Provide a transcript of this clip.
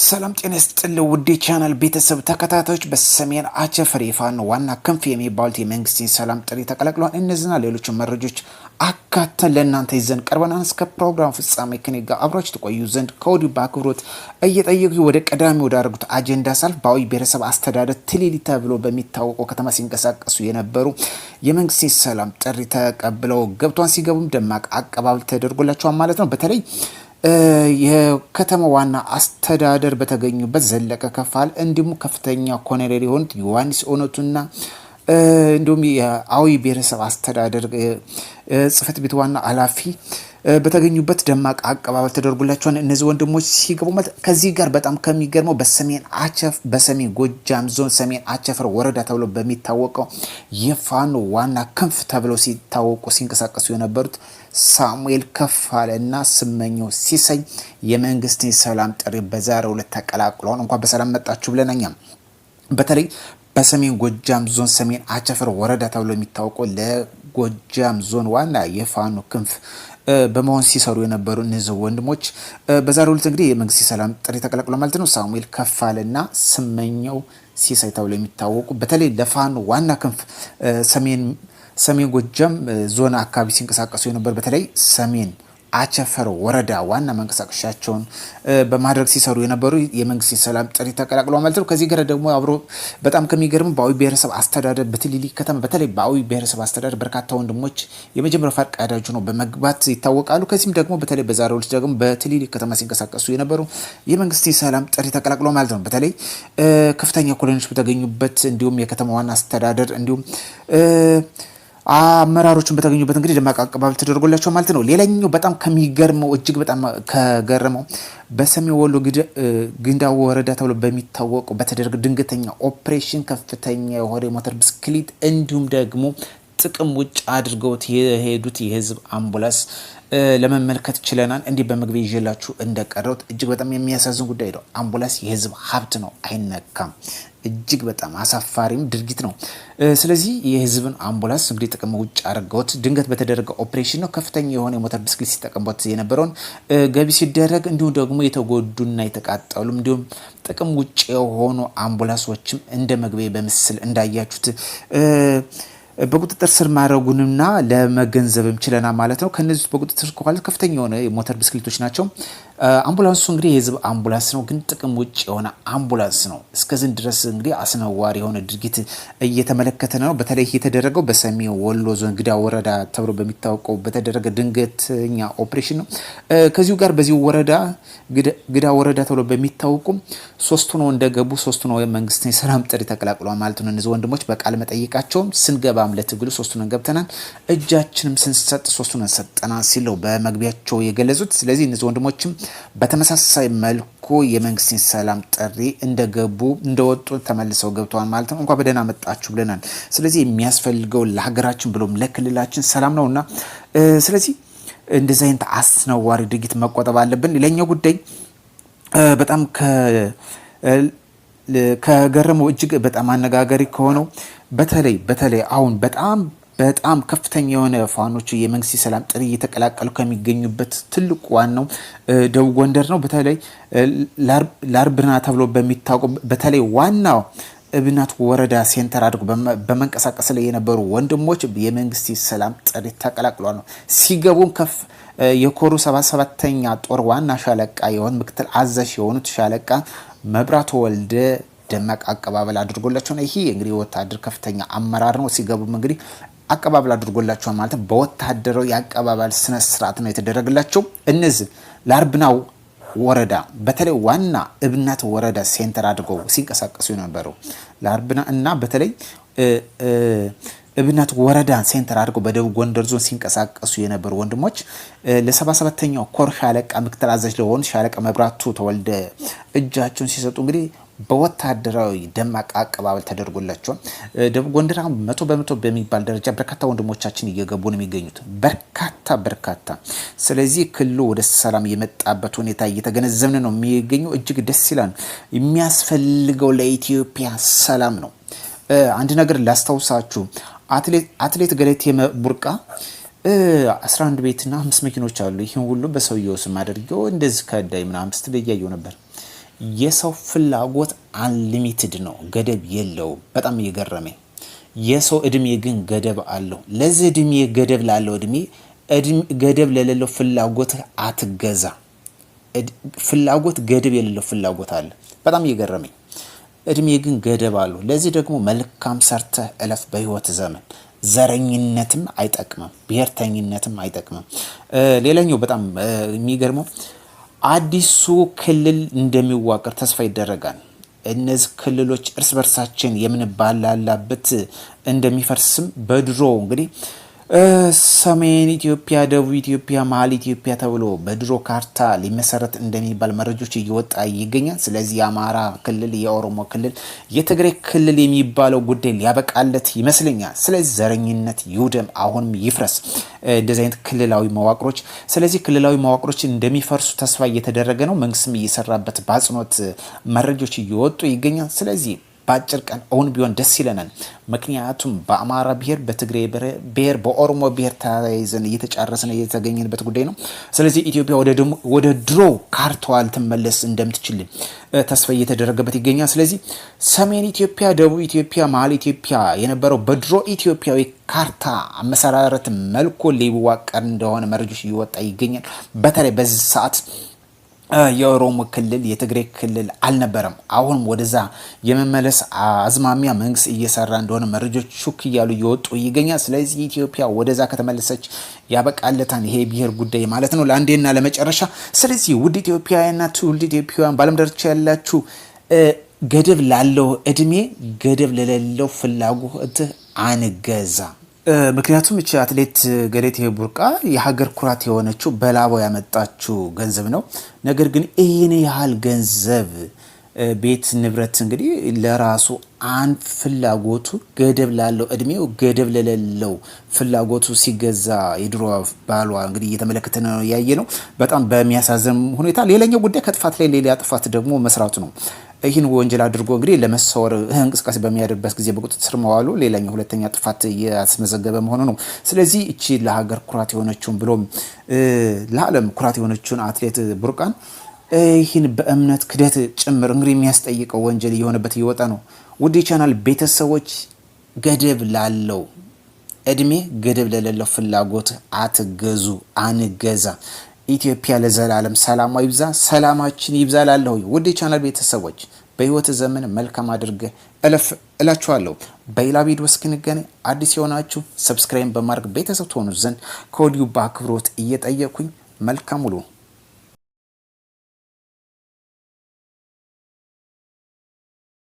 ሰላም ጤና ይስጥልኝ ውዴ ቻናል ቤተሰብ ተከታታዮች፣ በሰሜን አቸፈር የፋኖ ዋና ክንፍ የሚባሉት የመንግስትን ሰላም ጥሪ ተቀላቅለዋል። እነዚህና ሌሎችን መረጃዎች አካተን ለእናንተ ይዘን ቀርበናል። እስከ ፕሮግራም ፍጻሜ ከኔ ጋር አብራችሁ ተቆዩ ዘንድ ከወዲሁ በአክብሮት እየጠየቁ ወደ ቀዳሚ ወዳደረጉት አጀንዳ ሳልፍ በአዊ ብሔረሰብ አስተዳደር ትሊሊ ተብሎ በሚታወቀው ከተማ ሲንቀሳቀሱ የነበሩ የመንግስትን ሰላም ጥሪ ተቀብለው ገብቷን ሲገቡም ደማቅ አቀባበል ተደርጎላቸዋል ማለት ነው በተለይ የከተማ ዋና አስተዳደር በተገኙበት ዘለቀ ከፋል እንዲሁም ከፍተኛ ኮሎኔል የሆኑት ዮሐንስ እውነቱና እንዲሁም የአዊ ብሔረሰብ አስተዳደር ጽህፈት ቤት ዋና ኃላፊ በተገኙበት ደማቅ አቀባበል ተደርጎላቸዋል። እነዚህ ወንድሞች ሲገቡበት ከዚህ ጋር በጣም ከሚገርመው በሰሜን አቸፍ በሰሜን ጎጃም ዞን ሰሜን አቸፈር ወረዳ ተብሎ በሚታወቀው የፋኖ ዋና ክንፍ ተብለው ሲታወቁ ሲንቀሳቀሱ የነበሩት ሳሙኤል ከፍ ስመኘው ሲሰኝ የመንግስትን የሰላም ጥሪ በዛሬው ዕለት ተቀላቅለዋል። እንኳን በሰላም መጣችሁ ብለናኛም በተለይ በሰሜን ጎጃም ዞን ሰሜን አቸፈር ወረዳ ተብሎ የሚታወቀው ለጎጃም ዞን ዋና የፋኖ ክንፍ በመሆን ሲሰሩ የነበሩ እነዚህ ወንድሞች በዛሬው ዕለት እንግዲህ የመንግስት የሰላም ጥሪ ተቀላቅሎ ማለት ነው። ሳሙኤል ከፋለና ስመኘው ሲሳይ ተብሎ የሚታወቁ በተለይ ለፋኖ ዋና ክንፍ ሰሜን ሰሜን ጎጃም ዞን አካባቢ ሲንቀሳቀሱ የነበር በተለይ ሰሜን አቸፈር ወረዳ ዋና መንቀሳቀሻቸውን በማድረግ ሲሰሩ የነበሩ የመንግስት የሰላም ጥሪ ተቀላቅለው ማለት ነው። ከዚህ ጋር ደግሞ አብሮ በጣም ከሚገርም በአዊ ብሔረሰብ አስተዳደር በትልሊ ከተማ በተለይ በአዊ ብሔረሰብ አስተዳደር በርካታ ወንድሞች የመጀመሪያ ፈቃዳቸው ነው በመግባት ይታወቃሉ። ከዚህም ደግሞ በተለይ በዛሬው ዕለት ደግሞ በትልሊ ከተማ ሲንቀሳቀሱ የነበሩ የመንግስት የሰላም ጥሪ ተቀላቅለው ማለት ነው። በተለይ ከፍተኛ ኮሎኔሎች በተገኙበት እንዲሁም የከተማ ዋና አስተዳደር እንዲሁም አመራሮችን በተገኙበት እንግዲህ ደማቅ አቀባበል ተደርጎላቸው ማለት ነው። ሌላኛው በጣም ከሚገርመው እጅግ በጣም ከገረመው በሰሜን ወሎ ግንዳ ወረዳ ተብሎ በሚታወቀው በተደረገ ድንገተኛ ኦፕሬሽን ከፍተኛ የሆነ ሞተር ብስክሌት እንዲሁም ደግሞ ጥቅም ውጭ አድርገውት የሄዱት የህዝብ አምቡላንስ ለመመልከት ችለናል። እንዲህ በመግቢያ ይዤላችሁ እንደቀረውት እጅግ በጣም የሚያሳዝን ጉዳይ ነው። አምቡላንስ የህዝብ ሀብት ነው፣ አይነካም። እጅግ በጣም አሳፋሪም ድርጊት ነው። ስለዚህ የህዝብን አምቡላንስ እንግዲህ ጥቅም ውጭ አድርገውት ድንገት በተደረገ ኦፕሬሽን ነው ከፍተኛ የሆነ የሞተር ብስክሌት ሲጠቀምበት የነበረውን ገቢ ሲደረግ፣ እንዲሁም ደግሞ የተጎዱና የተቃጠሉ እንዲሁም ጥቅም ውጭ የሆኑ አምቡላንሶችም እንደ መግቢያ በምስል እንዳያችሁት በቁጥጥር ስር ማድረጉንና ለመገንዘብም ችለና ማለት ነው። ከነዚህ በቁጥጥር ስር ከኋላ ከፍተኛ የሆነ የሞተር ብስክሌቶች ናቸው። አምቡላንሱ እንግዲህ የህዝብ አምቡላንስ ነው፣ ግን ጥቅም ውጭ የሆነ አምቡላንስ ነው። እስከዝን ድረስ እንግዲህ አስነዋሪ የሆነ ድርጊት እየተመለከተ ነው። በተለይ የተደረገው በሰሜን ወሎ ዞን ግዳ ወረዳ ተብሎ በሚታወቀው በተደረገ ድንገተኛ ኦፕሬሽን ነው። ከዚሁ ጋር በዚሁ ወረዳ ግዳ ወረዳ ተብሎ በሚታወቁ ሶስቱ ነው እንደገቡ ሶስቱ ነው መንግስትን የሰላም ጥሪ ተቀላቅሏል ማለት ነው። እነዚህ ወንድሞች በቃል መጠየቃቸውም ስንገባ ለትግሉ ሶስቱን ገብተናል፣ እጃችንም ስንሰጥ ሶስቱን ሰጠናል ሲለው በመግቢያቸው የገለጹት። ስለዚህ እነዚህ ወንድሞችም በተመሳሳይ መልኩ የመንግስትን ሰላም ጥሪ እንደገቡ እንደወጡ ተመልሰው ገብተዋል ማለት ነው። እንኳ በደህና መጣችሁ ብለናል። ስለዚህ የሚያስፈልገው ለሀገራችን ብሎም ለክልላችን ሰላም ነውና ስለዚህ እንደዚህ አይነት አስነዋሪ ድርጊት መቆጠብ አለብን። ሌላኛው ጉዳይ በጣም ከገረመው እጅግ በጣም አነጋጋሪ ከሆነው በተለይ በተለይ አሁን በጣም በጣም ከፍተኛ የሆነ ፋኖች የመንግስት ሰላም ጥሪ እየተቀላቀሉ ከሚገኙበት ትልቁ ዋናው ደቡብ ጎንደር ነው። በተለይ ላርብና ተብሎ በሚታወቀው በተለይ ዋናው እብናት ወረዳ ሴንተር አድርጎ በመንቀሳቀስ ላይ የነበሩ ወንድሞች የመንግስት ሰላም ጥሪ ተቀላቅሏል ነው ሲገቡን ከፍ የኮሩ ሰባ ሰባተኛ ጦር ዋና ሻለቃ የሆን ምክትል አዛዥ የሆኑት ሻለቃ መብራቱ ወልደ ደማቅ አቀባበል አድርጎላቸው ነው። ይሄ እንግዲህ ወታደር ከፍተኛ አመራር ነው። ሲገቡም እንግዲህ አቀባበል አድርጎላቸዋል ማለት በወታደራዊ የአቀባበል ስነ ስርዓት ነው የተደረገላቸው። እነዚህ ለአርብናው ወረዳ በተለይ ዋና እብነት ወረዳ ሴንተር አድርገው ሲንቀሳቀሱ የነበረው ለአርብና እና በተለይ እብነት ወረዳን ሴንተር አድርገው በደቡብ ጎንደር ዞን ሲንቀሳቀሱ የነበሩ ወንድሞች ለ77ተኛው ኮር ሻለቃ ምክትል አዛዥ ለሆኑ ሻለቃ መብራቱ ተወልደ እጃቸውን ሲሰጡ እንግዲህ በወታደራዊ ደማቅ አቀባበል ተደርጎላቸው ደቡብ ጎንደር መቶ በመቶ በሚባል ደረጃ በርካታ ወንድሞቻችን እየገቡ ነው የሚገኙት በርካታ በርካታ። ስለዚህ ክልሉ ወደ ሰላም የመጣበት ሁኔታ እየተገነዘብን ነው የሚገኙ። እጅግ ደስ ይላል። የሚያስፈልገው ለኢትዮጵያ ሰላም ነው። አንድ ነገር ላስታውሳችሁ አትሌት ገለቴ ቡርቃ 11 ቤትና አምስት መኪኖች አሉ። ይህን ሁሉ በሰውየው ስም አድርገው እንደዚህ ከዳይ ምናምን ስትል እያየው ነበር። የሰው ፍላጎት አንሊሚትድ ነው፣ ገደብ የለውም። በጣም እየገረመኝ የሰው እድሜ ግን ገደብ አለው። ለዚህ እድሜ ገደብ ላለው እድሜ ገደብ ለሌለው ፍላጎት አትገዛ። ፍላጎት ገደብ የሌለው ፍላጎት አለ። በጣም እየገረመኝ እድሜ ግን ገደብ አሉ። ለዚህ ደግሞ መልካም ሰርተህ እለፍ በህይወት ዘመን። ዘረኝነትም አይጠቅምም፣ ብሔርተኝነትም አይጠቅምም። ሌላኛው በጣም የሚገርመው አዲሱ ክልል እንደሚዋቅር ተስፋ ይደረጋል። እነዚህ ክልሎች እርስ በርሳችን የምንባላላበት እንደሚፈርስም በድሮ እንግዲህ ሰሜን ኢትዮጵያ፣ ደቡብ ኢትዮጵያ፣ መሀል ኢትዮጵያ ተብሎ በድሮ ካርታ ሊመሰረት እንደሚባል መረጆች እየወጣ ይገኛል። ስለዚህ የአማራ ክልል፣ የኦሮሞ ክልል፣ የትግራይ ክልል የሚባለው ጉዳይ ሊያበቃለት ይመስለኛል። ስለዚህ ዘረኝነት ይውደም፣ አሁንም ይፍረስ እንደዚህ አይነት ክልላዊ መዋቅሮች። ስለዚህ ክልላዊ መዋቅሮች እንደሚፈርሱ ተስፋ እየተደረገ ነው። መንግስትም እየሰራበት በአጽንኦት መረጆች እየወጡ ይገኛል። ስለዚህ በአጭር ቀን እውን ቢሆን ደስ ይለናል። ምክንያቱም በአማራ ብሔር፣ በትግራይ ብሔር፣ በኦሮሞ ብሔር ተያይዘን እየተጫረስን እየተገኘንበት ጉዳይ ነው። ስለዚህ ኢትዮጵያ ወደ ድሮ ካርታዋ ልትመለስ እንደምትችል ተስፋ እየተደረገበት ይገኛል። ስለዚህ ሰሜን ኢትዮጵያ፣ ደቡብ ኢትዮጵያ፣ መሀል ኢትዮጵያ የነበረው በድሮ ኢትዮጵያዊ ካርታ አመሰራረት መልኩ ሊዋቀር እንደሆነ መረጃዎች እየወጣ ይገኛል። በተለይ በዚህ ሰዓት የኦሮሞ ክልል የትግራይ ክልል አልነበረም። አሁንም ወደዛ የመመለስ አዝማሚያ መንግስት እየሰራ እንደሆነ መረጃዎች ሹክ እያሉ እየወጡ ይገኛል። ስለዚህ ኢትዮጵያ ወደዛ ከተመለሰች ያበቃለታን ይሄ ብሔር ጉዳይ ማለት ነው ለአንዴና ለመጨረሻ። ስለዚህ ውድ ኢትዮጵያውያንና ትውልድ ኢትዮጵያውያን ባለም ዳርቻ ያላችሁ ገደብ ላለው እድሜ ገደብ ለሌለው ፍላጎት አንገዛ። ምክንያቱም እቺ አትሌት ገለቴ ቡርቃ የሀገር ኩራት የሆነችው በላቧ ያመጣችው ገንዘብ ነው። ነገር ግን ይህን ያህል ገንዘብ ቤት ንብረት እንግዲህ ለራሱ አንድ ፍላጎቱ ገደብ ላለው እድሜው ገደብ ለሌለው ፍላጎቱ ሲገዛ የድሮ ባሏ እንግዲህ እየተመለከተ ነው ያየ ነው። በጣም በሚያሳዝን ሁኔታ ሌላኛው ጉዳይ ከጥፋት ላይ ሌላ ጥፋት ደግሞ መስራቱ ነው። ይህን ወንጀል አድርጎ እንግዲህ ለመሰወር እንቅስቃሴ በሚያደርበት ጊዜ በቁጥጥር ስር መዋሉ ሌላኛው ሁለተኛ ጥፋት ያስመዘገበ መሆኑ ነው። ስለዚህ እቺ ለሀገር ኩራት የሆነችውን ብሎም ለዓለም ኩራት የሆነችውን አትሌት ቡርቃን ይህን በእምነት ክደት ጭምር እንግዲህ የሚያስጠይቀው ወንጀል እየሆነበት እየወጣ ነው። ውድ ቻናል ቤተሰቦች ገደብ ላለው እድሜ ገደብ ለሌለው ፍላጎት አትገዙ፣ አንገዛ። ኢትዮጵያ ለዘላለም ሰላሟ ይብዛ፣ ሰላማችን ይብዛ። ላለሁ ውድ ቻናል ቤተሰቦች በህይወት ዘመን መልካም አድርገ እለፍ እላችኋለሁ። በሌላ ቪዲዮ እስክንገናኝ አዲስ የሆናችሁ ሰብስክራይብ በማድረግ ቤተሰብ ትሆኑ ዘንድ ከወዲሁ በአክብሮት እየጠየኩኝ መልካም ውሎ